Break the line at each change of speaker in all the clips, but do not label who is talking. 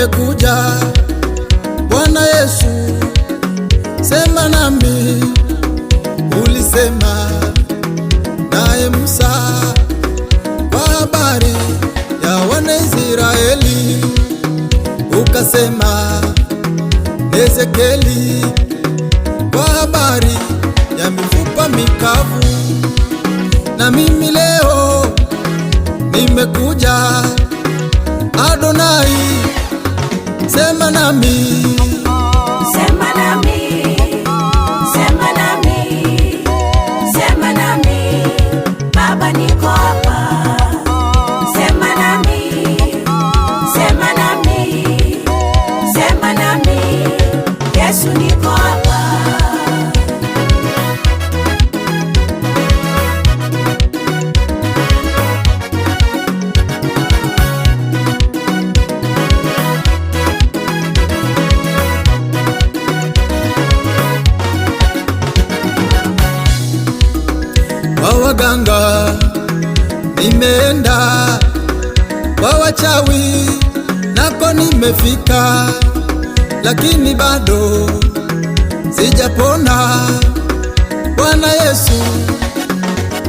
umekuja Bwana Yesu, sema nami. Ulisema naye Musa kwa habari ya Israeli, ukasema Ezekieli kwa habari ya mifupa mikavu. Na mimi leo nimekuja Adonai sema nami waganga, nimeenda kwa wachawi, nako nimefika, lakini bado sijapona. Bwana Yesu,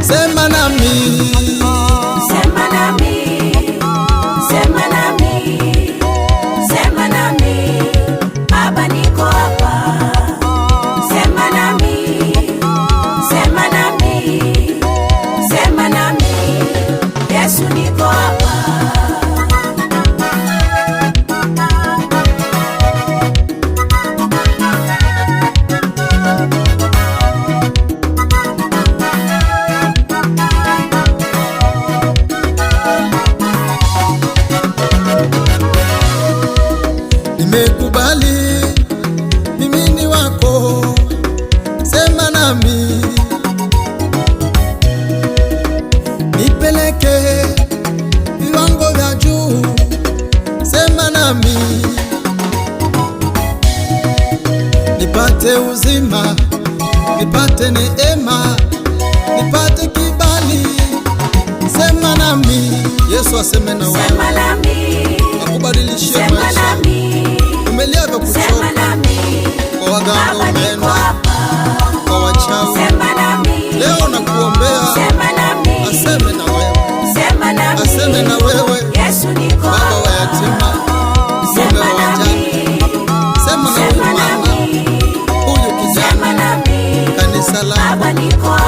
sema nami. nimekubali mimi ni wako, sema nami, nipeleke viwango vya juu, sema nami, nipate uzima, nipate neema, nipate kibali, sema nami, Yesu aseme na
wewe,
akubadilishie
maisha
Leo nakuombea aseme na wewe, aseme na wewe,
baba
wa yatima, sema
na huyu